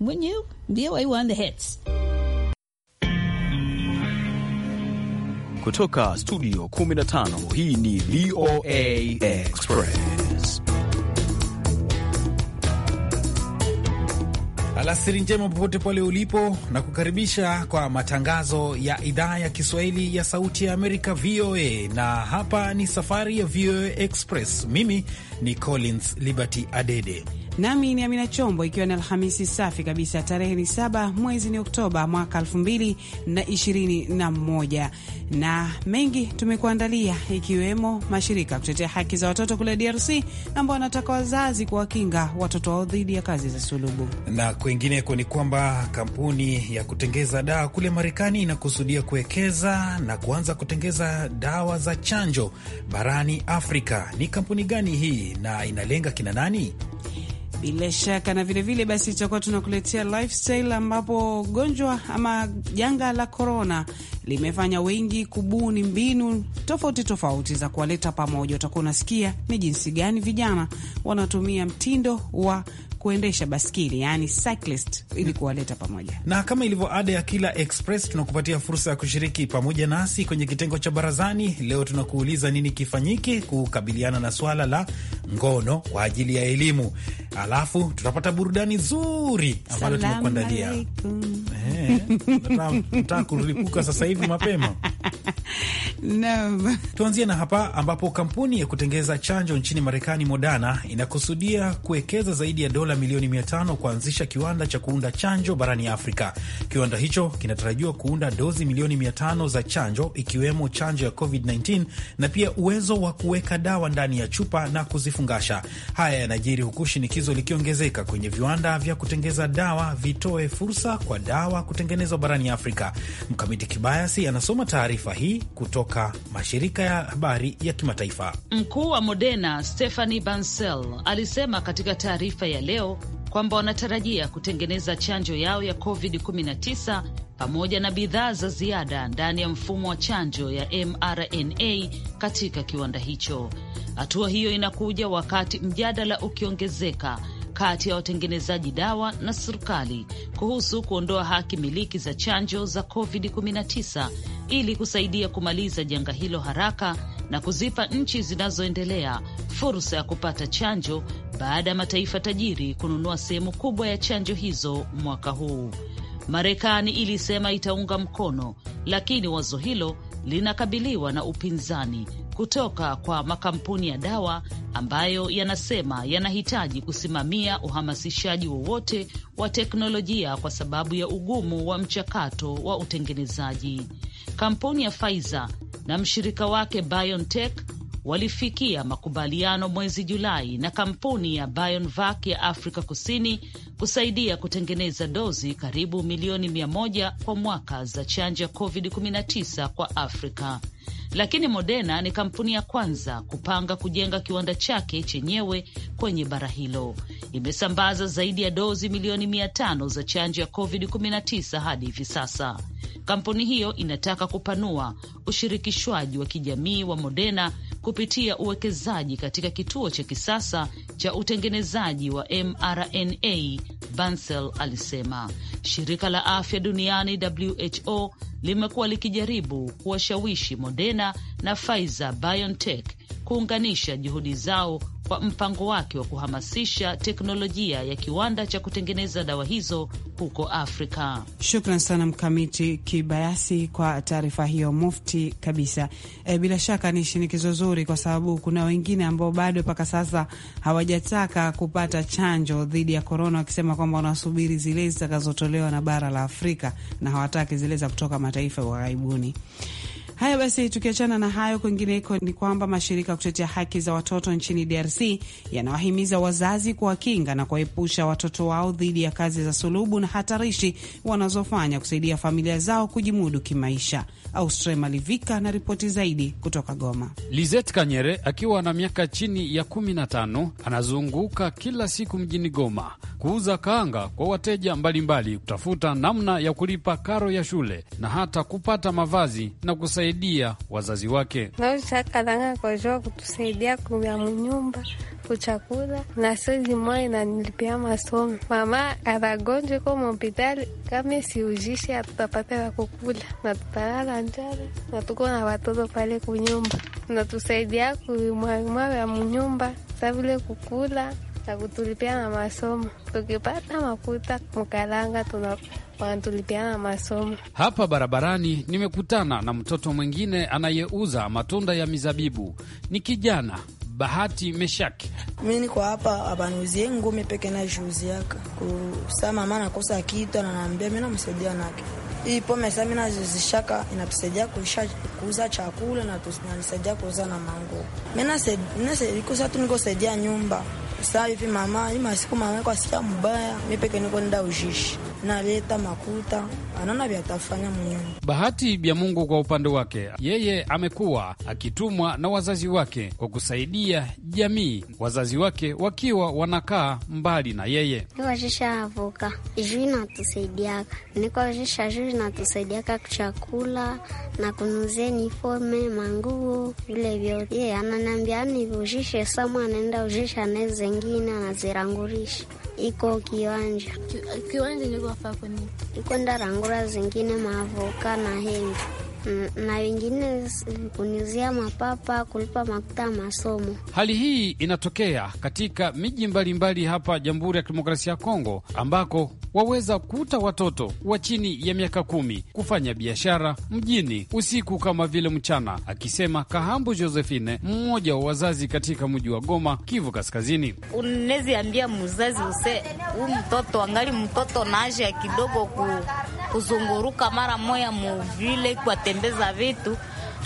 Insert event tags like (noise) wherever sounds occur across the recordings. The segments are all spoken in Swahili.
wouldn't you? VOA One, the hits kutoka studio 15. Hii ni VOA Express. Alasiri njema popote pale ulipo, na kukaribisha kwa matangazo ya idhaa ya Kiswahili ya Sauti ya Amerika, VOA. Na hapa ni safari ya VOA Express. Mimi ni Collins Liberty Adede nami ni Amina Chombo, ikiwa ni Alhamisi safi kabisa. Tarehe ni saba, mwezi ni Oktoba mwaka elfu mbili na ishirini na moja na mengi tumekuandalia, ikiwemo mashirika kutetea haki za watoto kule DRC ambao wanataka wazazi kuwakinga watoto wao dhidi ya kazi za sulubu, na kwingineko ni kwamba kampuni ya kutengeza dawa kule Marekani inakusudia kuwekeza na kuanza kutengeza dawa za chanjo barani Afrika. Ni kampuni gani hii? na inalenga kina nani? Bila shaka na vilevile vile basi, itakuwa tunakuletea lifestyle, ambapo gonjwa ama janga la korona limefanya wengi kubuni mbinu tofauti tofauti za kuwaleta pamoja. Utakuwa unasikia ni jinsi gani vijana wanatumia mtindo wa kuendesha baskili, yani cyclist, ili kuwaleta pamoja. Na kama ilivyo ada ya kila Express, tunakupatia fursa ya kushiriki pamoja nasi kwenye kitengo cha barazani. Leo tunakuuliza nini kifanyike kukabiliana na swala la ngono kwa ajili ya elimu, alafu tutapata burudani zuri ambalo tumekuandalia. Eh, nataka kulipuka sasa hivi mapema. (laughs) No. Tuanzie na hapa ambapo kampuni ya kutengeza chanjo nchini Marekani Moderna inakusudia kuwekeza zaidi ya dola dola milioni 500 kuanzisha kiwanda cha kuunda chanjo barani Afrika. Kiwanda hicho kinatarajiwa kuunda dozi milioni 500 za chanjo, ikiwemo chanjo ya COVID-19 na pia uwezo wa kuweka dawa ndani ya chupa na kuzifungasha. Haya yanajiri huku shinikizo likiongezeka kwenye viwanda vya kutengeza dawa vitoe fursa kwa dawa kutengenezwa barani Afrika. Mkamiti Kibayasi anasoma taarifa hii kutoka mashirika ya habari ya kimataifa. Mkuu wa Moderna Stephanie Bancel alisema katika taarifa ya leo leo kwamba wanatarajia kutengeneza chanjo yao ya COVID-19 pamoja na bidhaa za ziada ndani ya mfumo wa chanjo ya mRNA katika kiwanda hicho. Hatua hiyo inakuja wakati mjadala ukiongezeka kati ya watengenezaji dawa na serikali kuhusu kuondoa haki miliki za chanjo za COVID-19 ili kusaidia kumaliza janga hilo haraka na kuzipa nchi zinazoendelea fursa ya kupata chanjo baada ya mataifa tajiri kununua sehemu kubwa ya chanjo hizo mwaka huu. Marekani ilisema itaunga mkono, lakini wazo hilo linakabiliwa na upinzani kutoka kwa makampuni ya dawa ambayo yanasema yanahitaji kusimamia uhamasishaji wowote wa teknolojia kwa sababu ya ugumu wa mchakato wa utengenezaji. Kampuni ya Pfizer na mshirika wake BioNTech walifikia makubaliano mwezi Julai na kampuni ya BioNVac ya Afrika Kusini kusaidia kutengeneza dozi karibu milioni mia moja kwa mwaka za chanjo ya COVID-19 kwa Afrika lakini Moderna ni kampuni ya kwanza kupanga kujenga kiwanda chake chenyewe kwenye bara hilo. Imesambaza zaidi ya dozi milioni mia tano za chanjo ya COVID-19 hadi hivi sasa. Kampuni hiyo inataka kupanua ushirikishwaji wa kijamii wa Moderna kupitia uwekezaji katika kituo cha kisasa cha utengenezaji wa mRNA, bansel alisema. Shirika la afya duniani WHO limekuwa likijaribu kuwashawishi Moderna na Pfizer BioNTech kuunganisha juhudi zao mpango wake wa kuhamasisha teknolojia ya kiwanda cha kutengeneza dawa hizo huko Afrika. Shukran sana Mkamiti Kibayasi kwa taarifa hiyo mufti kabisa. E, bila shaka ni shinikizo zuri, kwa sababu kuna wengine ambao bado mpaka sasa hawajataka kupata chanjo dhidi ya korona, wakisema kwamba wanasubiri zile zitakazotolewa na bara la Afrika na hawataki zile za kutoka mataifa ya ughaibuni. Haya basi, tukiachana na hayo, kwengineko ni kwamba mashirika ya kutetea haki za watoto nchini DRC yanawahimiza wazazi kuwakinga na kuwaepusha watoto wao dhidi ya kazi za sulubu na hatarishi wanazofanya kusaidia familia zao kujimudu kimaisha. Austre Malivika na ripoti zaidi kutoka Goma. Lizet Kanyere akiwa na miaka chini ya 15 anazunguka kila siku mjini Goma kuuza kaanga kwa wateja mbalimbali mbali, kutafuta namna ya kulipa karo ya shule na hata kupata mavazi na kusaidia wazazi wake. Nauza kalanga kozoa kutusaidia kuya munyumba kuchakula na sozi moya nanilipia masomo. Mama aragonje kwa muhospitali kame siujishe hatutapata ya kukula na tutalala njala na tuko na watoto pale kunyumba, natusaidia kuimwaimwa ya munyumba savile kukula na masomo, tukipata makuta mkalanga tuna wanatulipiana masomo. Hapa barabarani nimekutana na mtoto mwingine anayeuza matunda ya mizabibu, ni kijana Bahati Meshaki. Mi niko hapa abanuzie ngumi peke na juzi yaka kusa mama nakosa kitu ananaambia mi namsaidia nake hii pome sa minazizishaka inatusaidia kuisha kuuza chakula na tusaidia kuuza na mango minasaidia kusa tu nikosaidia nyumba sasa hivi mama, hii masiku mama kwa sikia mbaya, mimi peke niko nenda ujishi naleta makuta anana vyatafanya mwenyewe. Bahati bya Mungu kwa upande wake, yeye amekuwa akitumwa na wazazi wake kwa kusaidia jamii, wazazi wake wakiwa wanakaa mbali na yeye. Niwazhisha avoka juu inatusaidiaka, nikwazhisha juu inatusaidiaka kuchakula na kunuzia nifome manguo vile vyote. Yeye ananiambia ni yaani uzhishe samwa, anaenda uzhisha ne zengine anazirangurisha, iko kiwanja kiwanja wafakoniki iko ndarangura zingine mavoka na hengi mm, na wengine kuniuzia mapapa kulipa makuta masomo. Hali hii inatokea katika miji mbalimbali hapa Jamhuri ya Kidemokrasia ya Kongo ambako waweza kuta watoto wa chini ya miaka kumi kufanya biashara mjini usiku kama vile mchana, akisema Kahambu Josephine, mmoja wa wazazi katika mji wa Goma, Kivu Kaskazini. Unaweza ambia mzazi use u mtoto angali mtoto naaje ya kidogo ku, kuzunguruka mara moya muvile kuwatembeza vitu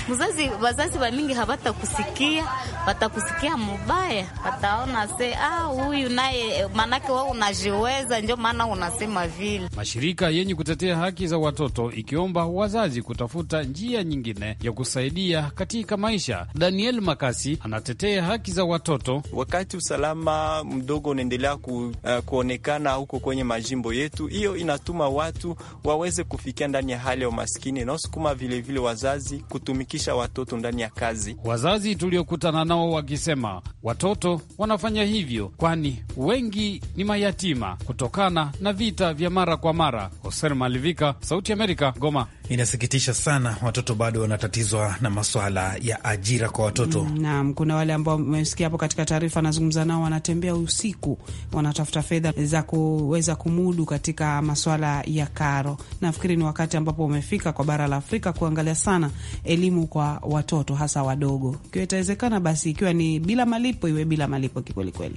mzazi, wazazi wamingi hawatakusikia, watakusikia mubaya, wataona se ah, huyu naye, maanake wao unajiweza, ndio maana unasema vile. Mashirika yenye kutetea haki za watoto ikiomba wazazi kutafuta njia nyingine ya kusaidia katika maisha. Daniel Makasi anatetea haki za watoto. Wakati usalama mdogo unaendelea ku, uh, kuonekana huko kwenye majimbo yetu, hiyo inatuma watu waweze kufikia ndani ya hali ya umaskini, naosukuma vilevile wazazi kutumika kushirikisha watoto ndani ya kazi. Wazazi tuliokutana nao wakisema watoto wanafanya hivyo, kwani wengi ni mayatima kutokana na vita vya mara kwa mara. Hoser Malivika, Sauti ya Amerika, Goma. Inasikitisha sana, watoto bado wanatatizwa na maswala ya ajira kwa watoto. Mm, naam, kuna wale ambao mmesikia hapo katika taarifa, anazungumza nao, wanatembea usiku, wanatafuta fedha za kuweza kumudu katika maswala ya karo. Nafikiri ni wakati ambapo umefika kwa bara la Afrika kuangalia sana elimu kwa watoto, hasa wadogo, ikiwa itawezekana, basi ikiwa ni bila malipo, iwe bila malipo kikwelikweli.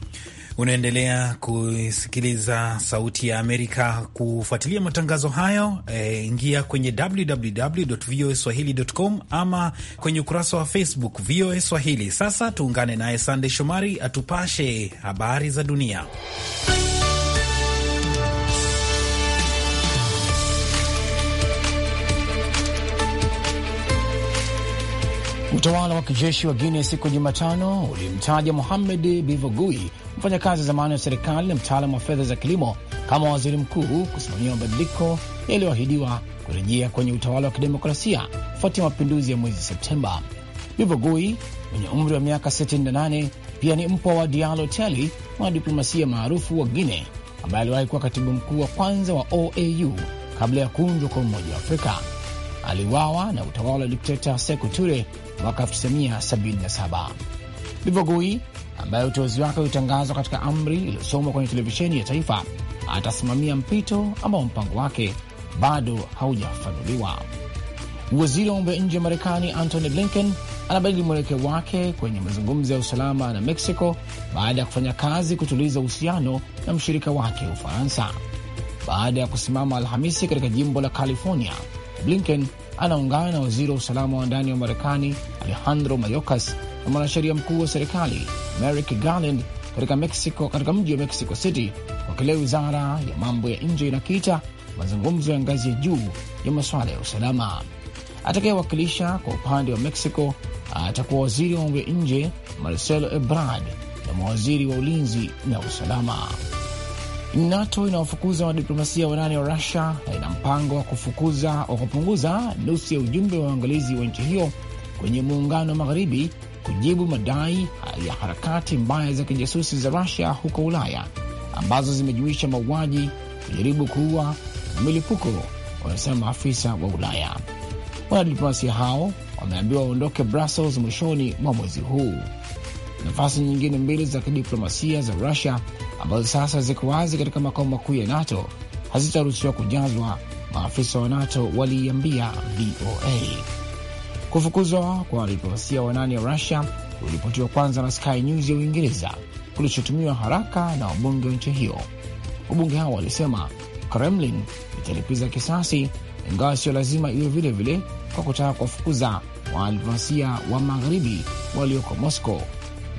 Unaendelea kusikiliza Sauti ya Amerika. Kufuatilia matangazo hayo e, ingia kwenye www voa swahili.com ama kwenye ukurasa wa Facebook VOA Swahili. Sasa tuungane naye Sandey Shomari atupashe habari za dunia. Utawala wa kijeshi wa Guinea siku ya Jumatano ulimtaja Mohamed Bivogui, mfanyakazi wa zamani wa serikali na mtaalamu wa fedha za kilimo, kama waziri mkuu kusimamia mabadiliko yaliyoahidiwa kurejea kwenye utawala wa kidemokrasia kufuatia mapinduzi ya mwezi Septemba. Bivogui mwenye umri wa miaka 68 pia ni mpwa wa Diallo Tali, mwanadiplomasia maarufu wa Guinea ambaye aliwahi kuwa katibu mkuu wa kwanza wa OAU kabla ya kuundwa kwa Umoja wa Afrika aliwawa na utawala wa dikteta Sekou Ture mwaka 1977. Bivogui ambaye uteuzi wake ulitangazwa katika amri iliyosomwa kwenye televisheni ya taifa atasimamia mpito ambao mpango wake bado haujafanuliwa. Waziri wa mambo ya nje wa Marekani Antony Blinken anabadili mwelekeo wake kwenye mazungumzo ya usalama na Meksiko baada ya kufanya kazi kutuliza uhusiano na mshirika wake Ufaransa baada ya kusimama Alhamisi katika jimbo la California Blinken anaungana na waziri wa usalama wa ndani wa Marekani Alejandro Mayorkas na mwanasheria mkuu wa serikali Merrick Garland katika Mexico, katika mji wa Mexico City kwa kile wizara ya mambo ya nje inakiita mazungumzo ya ngazi ya juu ya masuala ya usalama. Atakayewakilisha kwa upande wa Mexico atakuwa waziri wa mambo ya nje Marcelo Ebrard na mawaziri wa ulinzi na usalama. NATO inawafukuza wadiplomasia wanane wa Rusia na ina mpango wa kufukuza wa kupunguza nusu ya ujumbe wa uangalizi wa nchi hiyo kwenye muungano wa magharibi kujibu madai ya harakati mbaya za kijasusi za Rusia huko Ulaya ambazo zimejumuisha mauaji, kujaribu kuua na milipuko, wanasema maafisa wa Ulaya. Wanadiplomasia hao wameambiwa waondoke Brussels mwishoni mwa mwezi huu nafasi nyingine mbili za kidiplomasia za Rusia ambazo sasa ziko wazi katika makao makuu ya NATO hazitaruhusiwa kujazwa, maafisa wa NATO waliiambia VOA. Kufukuzwa kwa wadiplomasia wanane wa Rusia uliripotiwa kwanza na Sky News ya Uingereza, kulichotumiwa haraka na wabunge wa nchi hiyo. Wabunge hao walisema Kremlin italipiza kisasi, ingawa sio lazima iwe vile vile, kwa kutaka kuwafukuza wadiplomasia wa magharibi walioko Moscow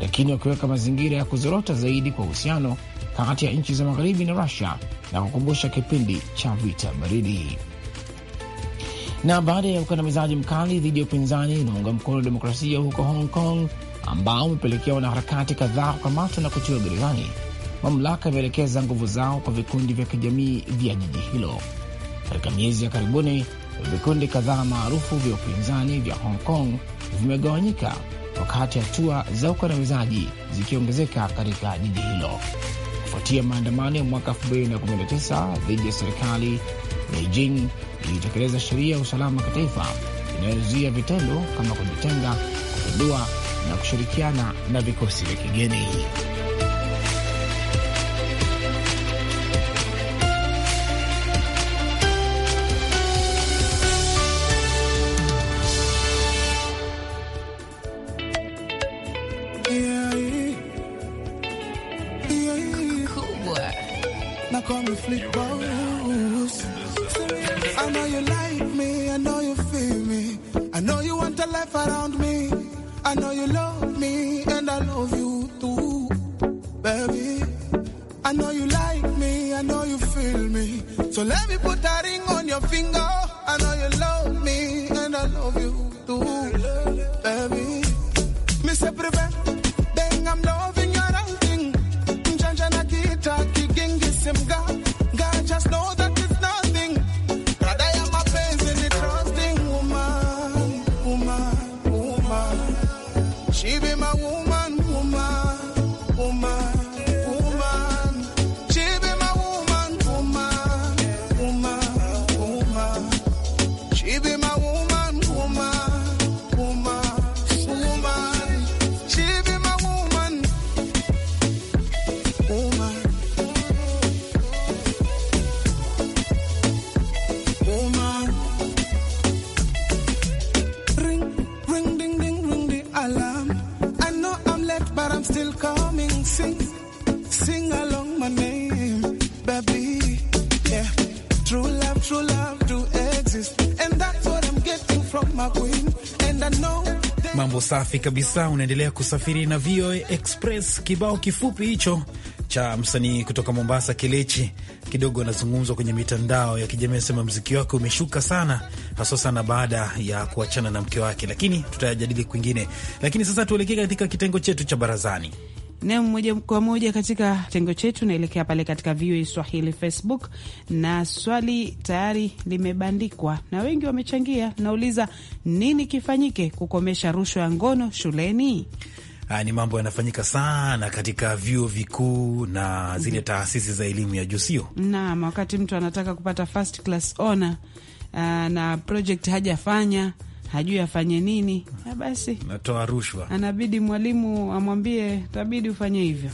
lakini wakiweka mazingira ya kuzorota zaidi kwa uhusiano kati ya nchi za magharibi na Rusia na kukumbusha kipindi cha vita baridi. Na baada ya ukandamizaji mkali dhidi ya upinzani unaunga mkono demokrasia huko Hong Kong ambao umepelekea wanaharakati kadhaa kukamatwa na kutiwa gerezani, mamlaka imeelekeza nguvu zao kwa vikundi vya kijamii vya jiji hilo. Katika miezi ya karibuni, vikundi kadhaa maarufu vya upinzani vya Hong Kong vimegawanyika wakati hatua za ukandamizaji zikiongezeka katika jiji hilo kufuatia maandamano ya mwaka 2019 dhidi ya serikali. Beijing ilitekeleza sheria ya usalama kitaifa inayozuia vitendo kama kujitenga, kupindua na kushirikiana na vikosi vya kigeni. safi kabisa. Unaendelea kusafiri na VOA Express. Kibao kifupi hicho cha msanii kutoka Mombasa, Kelechi kidogo anazungumzwa kwenye mitandao ya kijamii, asema mziki wake umeshuka sana, haswa sana baada ya kuachana na mke wake, lakini tutayajadili kwingine. Lakini sasa tuelekee katika kitengo chetu cha barazani na moja kwa moja katika tengo chetu, naelekea pale katika VOA Swahili Facebook, na swali tayari limebandikwa na wengi wamechangia. Nauliza, nini kifanyike kukomesha rushwa ya ngono shuleni? Ha, ah, ni mambo yanafanyika sana katika vyuo vikuu na zile mm-hmm. taasisi za elimu ya juu, sio naam? Wakati mtu anataka kupata first class honor ah, na project hajafanya hajui afanye nini, basi natoa rushwa, anabidi mwalimu amwambie tabidi ufanye hivyo.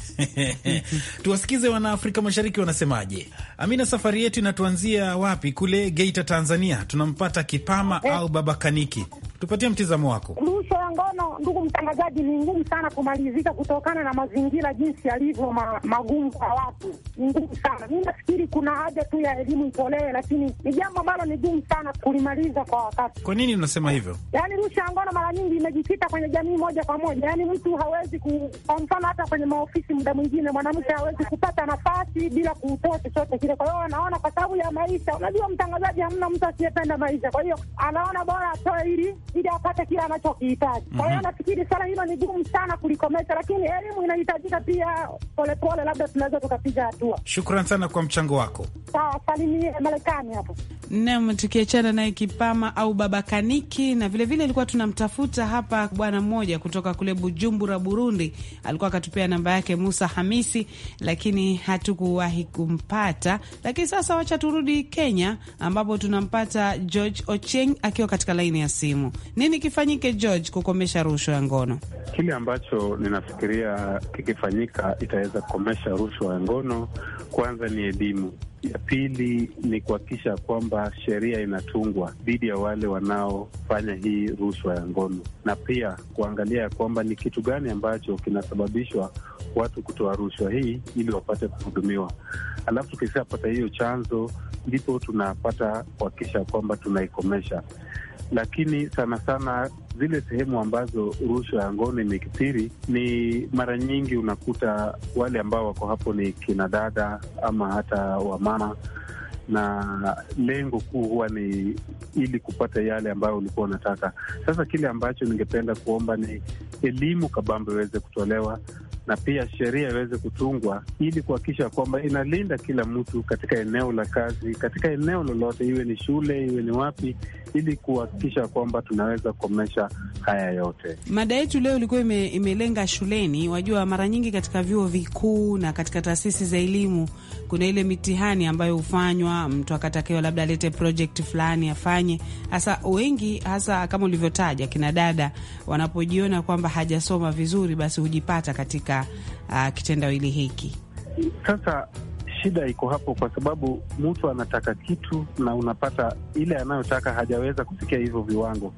(laughs) Tuwasikize Wanaafrika Mashariki wanasemaje. Amina, safari yetu inatuanzia wapi? Kule Geita, Tanzania, tunampata Kipama au Baba Kaniki tupatie mtizamo wako. Rushwa ya ngono, ndugu mtangazaji, ni ngumu sana kumalizika kutokana na mazingira jinsi yalivyo ma, magumu kwa watu, ni ngumu sana. Mi nafikiri kuna haja tu ya elimu itolewe, lakini ni jambo ambalo ni gumu sana kulimaliza kwa wakati. Kwa nini unasema hivyo? Yaani rushwa ya ngono mara nyingi imejikita kwenye jamii moja kwa moja, yaani mtu hawezi ku, kwa mfano hata kwenye maofisi, muda mwingine mwanamke hawezi kupata nafasi bila kutoa chochote kile. Kwa hiyo anaona kwa sababu ya maisha, unajua mtangazaji, hamna mtu asiyependa maisha, kwa hiyo anaona bora atoe ili ili apate kile anachokihitaji. Kwa hiyo mhm. nafikiri swala hilo ni gumu sana kulikomesha, lakini elimu inahitajika pia polepole, labda tunaweza tukapiga hatua. Shukran sana kwa mchango wako. Sawa, salimie Marekani hapo nam. Tukiachana naye Kipama au Baba Kaniki, na vilevile alikuwa vile tunamtafuta hapa bwana mmoja kutoka kule Bujumbura, Burundi, alikuwa akatupea namba yake Musa Hamisi, lakini hatukuwahi kumpata. Lakini sasa wacha turudi Kenya ambapo tunampata George Ocheng akiwa katika laini ya simu. Nini kifanyike, George, kukomesha rushwa ya ngono? Kile ambacho ninafikiria kikifanyika itaweza kukomesha rushwa ya ngono, kwanza ni elimu ya pili ni kuhakikisha kwamba sheria inatungwa dhidi ya wale wanaofanya hii rushwa ya ngono, na pia kuangalia ya kwamba ni kitu gani ambacho kinasababishwa watu kutoa rushwa hii ili wapate kuhudumiwa. Alafu tukishapata hiyo chanzo, ndipo tunapata kuhakikisha kwamba tunaikomesha lakini sana sana zile sehemu ambazo rushwa ya ngono imekithiri ni mara nyingi unakuta wale ambao wako hapo ni kina dada ama hata wamama, na lengo kuu huwa ni ili kupata yale ambayo ulikuwa unataka. Sasa kile ambacho ningependa kuomba ni elimu kabambe iweze kutolewa na pia sheria iweze kutungwa ili kuhakikisha kwamba inalinda kila mtu katika eneo la kazi, katika eneo lolote, iwe ni shule, iwe ni wapi, ili kuhakikisha kwamba tunaweza kukomesha haya yote. Mada yetu leo ilikuwa ime, imelenga shuleni. Wajua, mara nyingi katika vyuo vikuu na katika taasisi za elimu kuna ile mitihani ambayo hufanywa, mtu akatakiwa labda alete project fulani afanye. Hasa wengi, hasa kama ulivyotaja, kina dada wanapojiona kwamba hajasoma vizuri, basi hujipata katika katika uh, kitendawili hiki? Sasa shida iko hapo, kwa sababu mtu anataka kitu na unapata ile anayotaka, hajaweza kufikia hivyo viwango.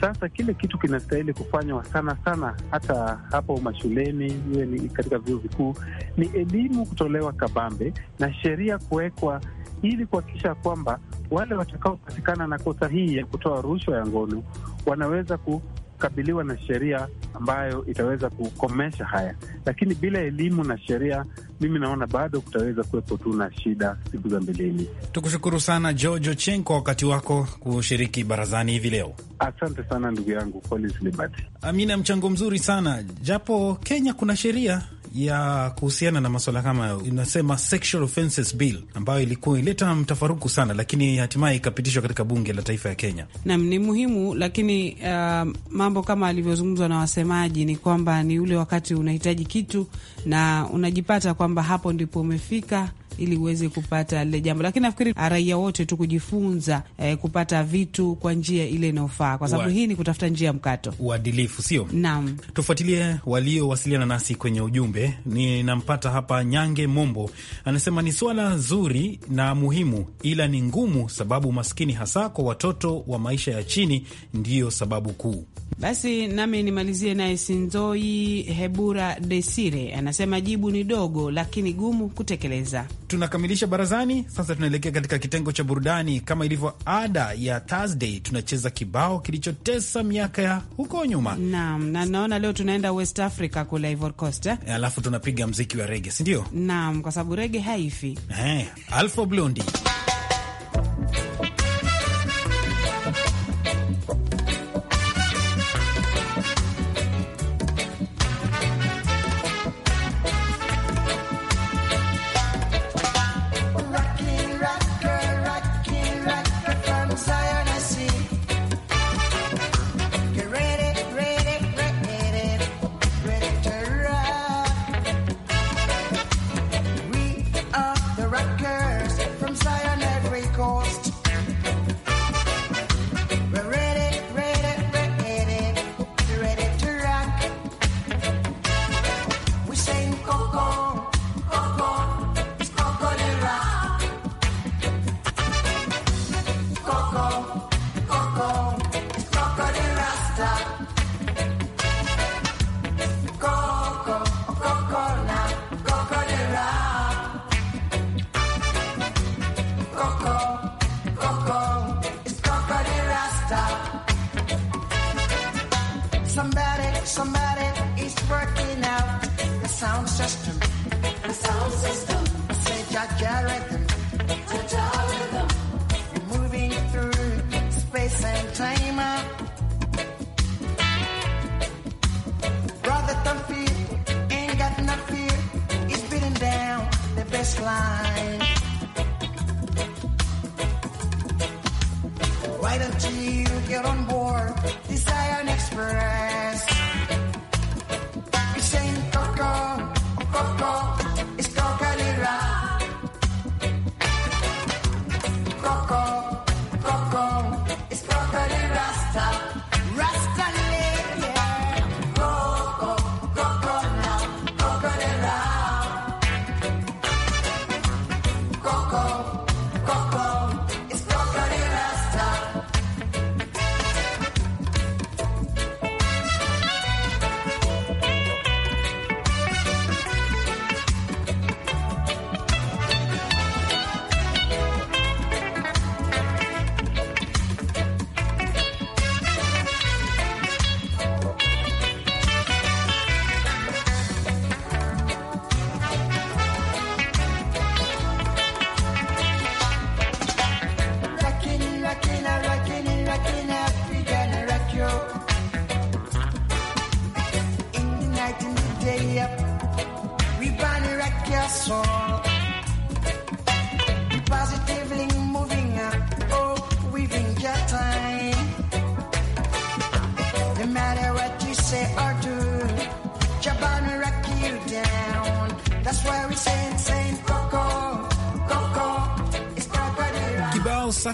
Sasa kile kitu kinastahili kufanywa sana sana, hata hapo mashuleni, iwe ni katika vyuo vikuu, ni elimu kutolewa kabambe na sheria kuwekwa ili kuhakikisha kwamba wale watakaopatikana na kosa hii ya kutoa rushwa ya ngono wanaweza ku kukabiliwa na sheria ambayo itaweza kukomesha haya, lakini bila elimu na sheria, mimi naona bado kutaweza kuwepo tu na shida siku za mbeleni. Tukushukuru sana Jojo Chen kwa wakati wako kushiriki barazani hivi leo. Asante sana ndugu yangu Amina, mchango mzuri sana japo Kenya kuna sheria ya kuhusiana na maswala kama inasema Sexual Offences Bill ambayo ilikuwa ileta mtafaruku sana, lakini hatimaye ikapitishwa katika bunge la taifa ya Kenya. Naam, ni muhimu, lakini uh, mambo kama alivyozungumzwa na wasemaji ni kwamba ni ule wakati unahitaji kitu na unajipata kwamba hapo ndipo umefika ili uweze kupata lile jambo, lakini nafikiri ah, raia wote tu kujifunza eh, kupata vitu kwa njia ile inayofaa, kwa sababu hii ni kutafuta njia mkato, uadilifu, sio naam. Tufuatilie waliowasiliana nasi kwenye ujumbe. Ninampata hapa Nyange Mombo, anasema ni swala zuri na muhimu, ila ni ngumu sababu maskini, hasa kwa watoto wa maisha ya chini, ndiyo sababu kuu. Basi nami nimalizie naye Sinzoi Hebura Desire anasema jibu ni dogo lakini gumu kutekeleza tunakamilisha barazani. Sasa tunaelekea katika kitengo cha burudani. Kama ilivyo ada ya Thursday, tunacheza kibao kilichotesa miaka ya huko nyuma. Naam, na naona leo tunaenda West Africa kule Ivory Coast, eh? Eh, Alafu tunapiga mziki wa rege, sindio? Naam, kwa sababu rege haifi. Hey, eh, Alpha Blondy the best life. Wait until you get on board, desire and Express.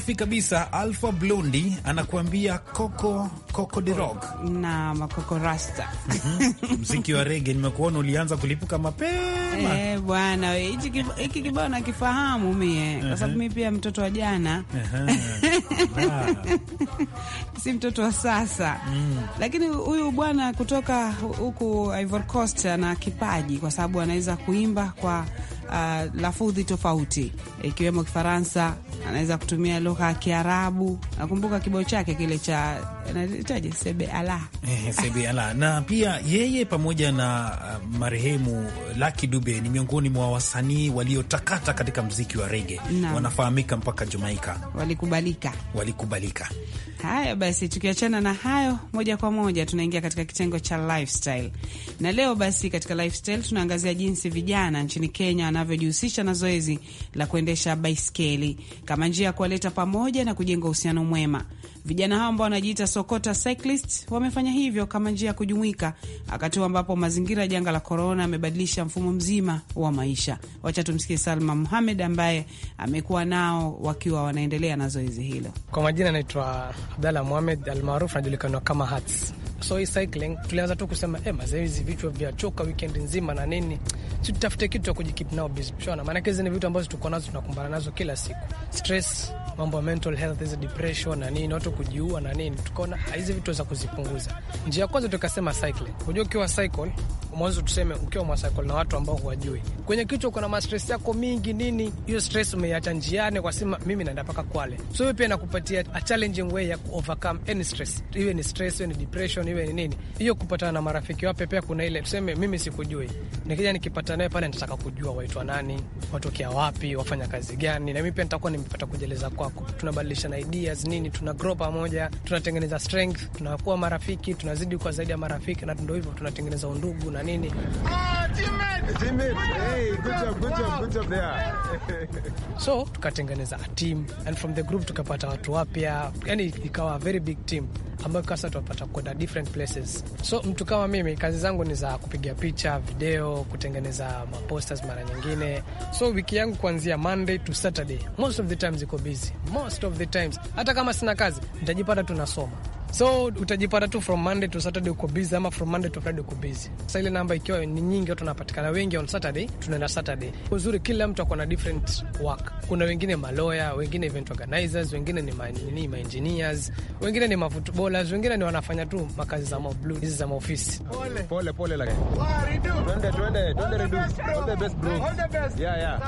safi kabisa. Alpha Blondi anakuambia koko koko de rock na makoko rasta mhm. mziki wa rege. Nimekuona ulianza kulipuka mapema e, bwana, hiki kibao nakifahamu mie kwa sababu mhm. mi pia mtoto wa jana (laughs) si mtoto wa sasa mm. Lakini huyu bwana kutoka huku Ivory Coast ana kipaji kwa sababu anaweza kuimba kwa uh, lafudhi tofauti ikiwemo Kifaransa anaweza kutumia lugha ya Kiarabu. Nakumbuka kibao chake kile cha anaitaje, sebe ala eh, sebe ala. Na pia yeye pamoja na uh, marehemu Lucky Dube ni miongoni mwa wasanii waliotakata katika mziki wa rege, wanafahamika mpaka Jamaika, walikubalika walikubalika. Haya basi, tukiachana na hayo, moja kwa moja tunaingia katika kitengo cha lifestyle, na leo basi katika lifestyle tunaangazia jinsi vijana nchini Kenya wanavyojihusisha na zoezi la kuendesha baiskeli kama njia ya kuwaleta pamoja na kujenga uhusiano mwema. Vijana hao ambao wanajiita Sokota Cyclist wamefanya hivyo kama njia ya kujumuika wakati huu ambapo mazingira ya janga la korona amebadilisha mfumo mzima wa maisha. Wacha tumsikie Salma Muhamed ambaye amekuwa nao wakiwa wanaendelea na zoezi hilo. Kwa majina anaitwa abdalah Muhamed almaarufu anajulikanwa kama Hats. Soy Cycling tulianza tu kusema eh, mazee hizi vichwa vya choka weekend nzima na nini, si tutafute kitu cha kujikeep nao busy shona, maanake hizi ni vitu ambazo tuko nazo, tunakumbana nazo kila siku, stress, mambo ya mental health, hizi depression na nini, watu kujiua na nini. Tukaona ah, hizi vitu za kuzipunguza, njia ya kwanza tukasema cycling. Unajua ukiwa cycle mwanzo tuseme ukiwa mwacycle na watu ambao huwajui, kwenye kichwa kuna mastress yako mingi nini, hiyo stress umeiacha njiani kwa sema mimi naenda mpaka Kwale, so hiyo pia inakupatia a challenging way ya ku overcome any stress, iwe ni stress, iwe ni depression ni iwe ni nini hiyo, kupatana na marafiki wapya pia kuna ile tuseme, mimi sikujui, nikija nikipata naye pale nitataka kujua waitwa nani, watokea wapi, wafanya kazi gani, na mimi pia nitakuwa nimepata kujeleza kwako. Tunabadilishana ideas nini, tuna grow pamoja, tunatengeneza strength, tunakuwa marafiki, tunazidi kuwa zaidi ya marafiki, na ndo hivyo tunatengeneza undugu na nini. So tukatengeneza a team and from the group tukapata watu wapya, yani ikawa very big team ambayo kasa tunapata kwenda different places. So mtu kama mimi, kazi zangu ni za kupiga picha, video, kutengeneza maposters mara nyingine. So wiki yangu kuanzia Monday to Saturday most of the times iko busy, most of the times hata kama sina kazi nitajipata tunasoma So utajipata tu from Monday to Saturday uko busy ama from Monday to Friday uko busy. Sasa ile namba ikiwa ni nyingi, watu wanapatikana wengi on Saturday, tunaenda Saturday. Uzuri kila mtu akona different work. Kuna wengine maloya, wengine event organizers, wengine ni nini ma engineers, wengine ni mafootballers, wengine ni wanafanya tu makazi za ma blue, hizi za ma maofisi. Pole pole pole like. Twende twende twende redu. All the best bro. All the best. Yeah yeah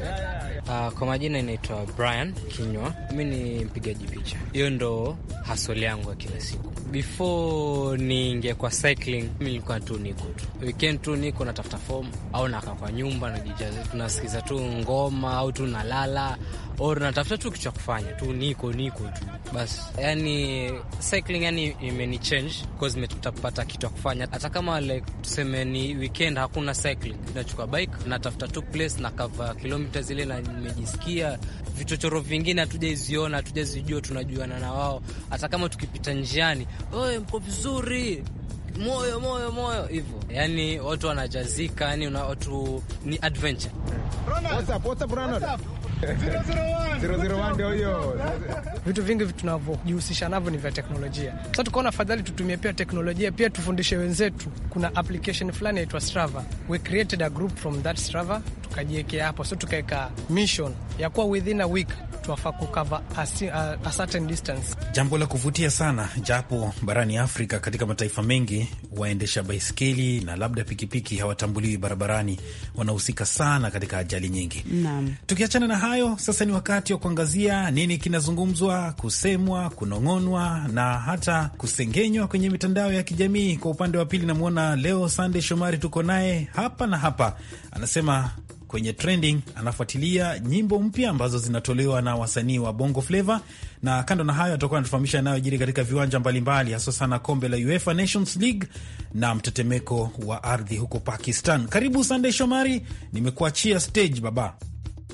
yeah, yeah. Uh, kwa majina inaitwa Brian Kinywa. Mi ni mpigaji picha, hiyo ndo hasoli yangu ya kila siku. Before niingia kwa cycling, mi nilikuwa tu niko tu weekend tu niko natafuta form au nakaa kwa nyumba najijaza, tunasikiza tu ngoma au tu nalala au natafuta tu kitu cha kufanya tu, niko niko tu bas. Yani cycling yani imenichange cause nimepata kitu cha kufanya, hata kama like tuseme ni weekend hakuna cycling, nachukua bike natafuta tu place na cover kilomita kilomita zile, na nimejisikia vichochoro vingine hatujaiziona hatujazijua, tunajuana na wao, hata kama tukipita njiani, oye, mko vizuri moyo moyo moyo hivyo, yani watu wanajazika, yani watu ni adventure. What's up, what's up, ndio Vitu vingi tunavyojihusisha navyo ni vya teknolojia. sa tukaona afadhali tutumie pia teknolojia, pia tufundishe wenzetu. Kuna application fulani inaitwa Strava, we created a group from that Strava, tukajiwekea hapo, so tukaweka mission ya kuwa within a week Jambo la kuvutia sana, japo barani Afrika katika mataifa mengi waendesha baiskeli na labda pikipiki hawatambuliwi barabarani, wanahusika sana katika ajali nyingi. Naam, tukiachana na hayo, sasa ni wakati wa kuangazia nini kinazungumzwa, kusemwa, kunong'onwa na hata kusengenywa kwenye mitandao ya kijamii. Kwa upande wa pili, namwona leo sande Shomari, tuko naye hapa na hapa, anasema kwenye trending anafuatilia nyimbo mpya ambazo zinatolewa na wasanii wa Bongo Flava, na kando na hayo atakuwa anatufahamisha yanayojiri katika viwanja mbalimbali, hasa sana kombe la UEFA Nations League na mtetemeko wa ardhi huko Pakistan. Karibu Sandey Shomari, nimekuachia stage baba.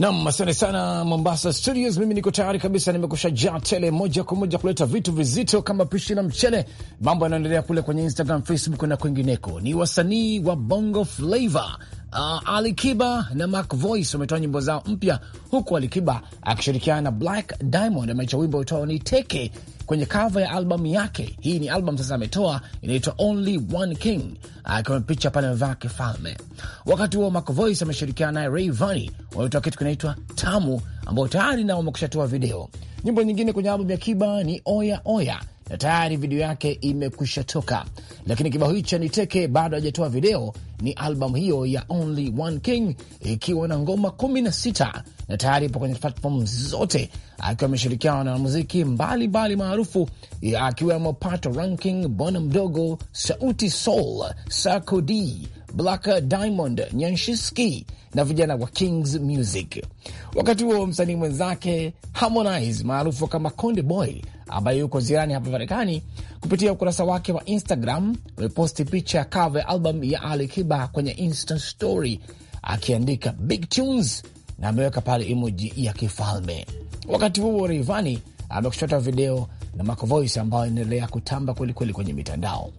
Nam, asante sana Mombasa Studios. Mimi niko tayari kabisa, nimekusha jaa tele moja kwa moja kuleta vitu vizito kama pishi la mchele. Mambo yanaendelea kule kwenye Instagram, Facebook na kwingineko, ni wasanii wa Bongo Flava uh, Alikiba na Mark Voice wametoa nyimbo zao mpya, huku Kiba akishirikiana na Black Diamond ameacha wimbo utao ni teke kwenye cover ya albamu yake. Hii ni album sasa ametoa inaitwa Only One King, akiwa picha pale amevaa kifalme. Wakati huo Mark Voice ameshirikiana naye Vani wametoa kitu kinaitwa Tamu, ambao tayari nao wamekushatoa video. Nyimbo nyingine kwenye albamu ya Kiba ni Oya Oya na tayari video yake imekwisha toka, lakini kibao hicho ni teke, bado hajatoa video. Ni albamu hiyo ya Only One King ikiwa na ngoma 16 na tayari ipo kwenye platform zote, akiwa ameshirikiana na muziki mbalimbali maarufu akiwemo Pato Ranking, Bona Mdogo, Sauti soul Sako Black Diamond, Nyanshiski na vijana wa Kings Music. Wakati huo msanii mwenzake Harmonize maarufu kama Konde Boy ambaye yuko ziarani hapa Marekani, kupitia ukurasa wake wa Instagram ameposti picha ya cover album ya Ali Kiba kwenye Insta story akiandika big tunes na ameweka pale emoji ya kifalme. Wakati huo Rayvanny amekushota video na Mac Voice ambayo inaendelea kutamba kwelikweli kwenye mitandao.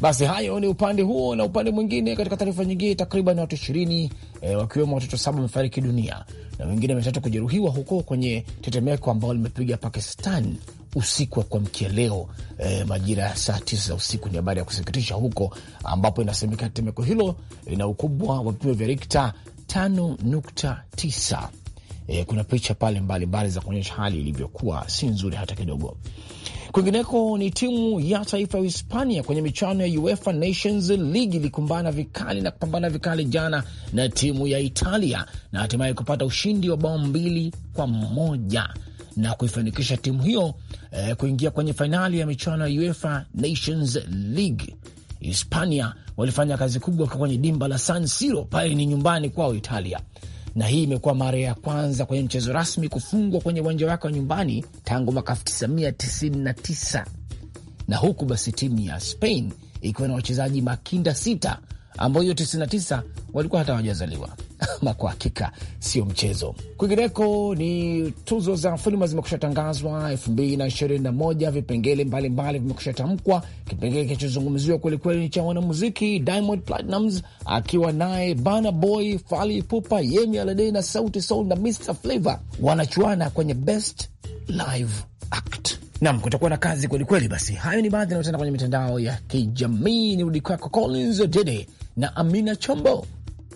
Basi hayo ni upande huo, na upande mwingine, katika taarifa nyingine, takriban watu ishirini eh, wakiwemo watoto saba wamefariki dunia na wengine mia kujeruhiwa huko kwenye tetemeko ambalo limepiga Pakistan usiku wa kuamkia leo eh, majira ya saa tisa za usiku. Ni habari ya kusikitisha huko, ambapo inasemekana tetemeko hilo lina ukubwa wa vipimo vya Rikta 5.9 E, kuna picha pale mbalimbali za kuonyesha hali ilivyokuwa si nzuri hata kidogo. Kwingineko ni timu ya taifa ya Hispania kwenye michuano ya UEFA Nations League ilikumbana vikali na kupambana vikali jana na timu ya Italia na hatimaye kupata ushindi wa bao mbili kwa moja na kuifanikisha timu hiyo eh, kuingia kwenye fainali ya michuano ya UEFA Nations League. Hispania walifanya kazi kubwa kwenye dimba la San Siro, pale ni nyumbani kwao Italia na hii imekuwa mara ya kwanza kwenye mchezo rasmi kufungwa kwenye uwanja wake wa nyumbani tangu mwaka 1999 na huku basi timu ya Spain ikiwa na wachezaji makinda sita ambao hiyo 99 walikuwa hata hawajazaliwa. Ama (laughs) kwa hakika sio mchezo. Kwingineko ni tuzo za filamu zimekusha tangazwa 2021, vipengele mbalimbali vimekusha tamkwa. Kipengele kinachozungumziwa kwelikweli ni cha wanamuziki Diamond Platnumz akiwa naye Burna Boy, Fally Ipupa, Yemi Alade na Sauti Sol na Mr Flavor wanachuana kwenye best live act. Nam, kutakuwa na kazi kwelikweli. Basi hayo ni baadhi yanayotanda kwenye mitandao ya kijamii. Ni rudi kwako Collins Dede na Amina Chombo.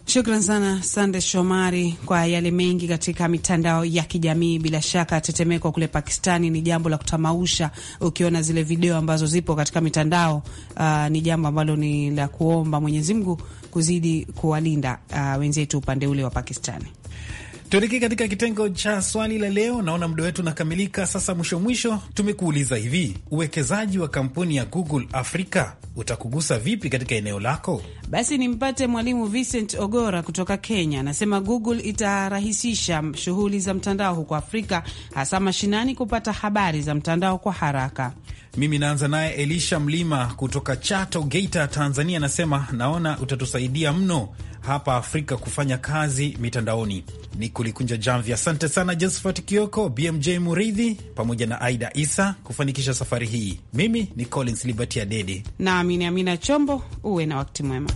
Shukran sana Sande Shomari kwa yale mengi katika mitandao ya kijamii. Bila shaka tetemeko kule Pakistani ni jambo la kutamausha. Ukiona zile video ambazo zipo katika mitandao uh, ni jambo ambalo ni la kuomba Mwenyezi Mungu kuzidi kuwalinda uh, wenzetu upande ule wa Pakistani. Tuelekee katika kitengo cha swali la leo. Naona muda wetu unakamilika sasa. Mwisho mwisho, tumekuuliza hivi, uwekezaji wa kampuni ya Google Afrika utakugusa vipi katika eneo lako? Basi nimpate mwalimu Vincent Ogora kutoka Kenya, anasema Google itarahisisha shughuli za mtandao huko Afrika, hasa mashinani, kupata habari za mtandao kwa haraka. Mimi naanza naye Elisha Mlima kutoka Chato, Geita, Tanzania, anasema naona utatusaidia mno hapa Afrika kufanya kazi mitandaoni. Ni kulikunja jamvi. Asante sana Josephat Kioko, BMJ Muridhi pamoja na Aida Isa kufanikisha safari hii. Mimi ni Collins Liberty Adede nami ni Amina Chombo. Uwe na wakati mwema.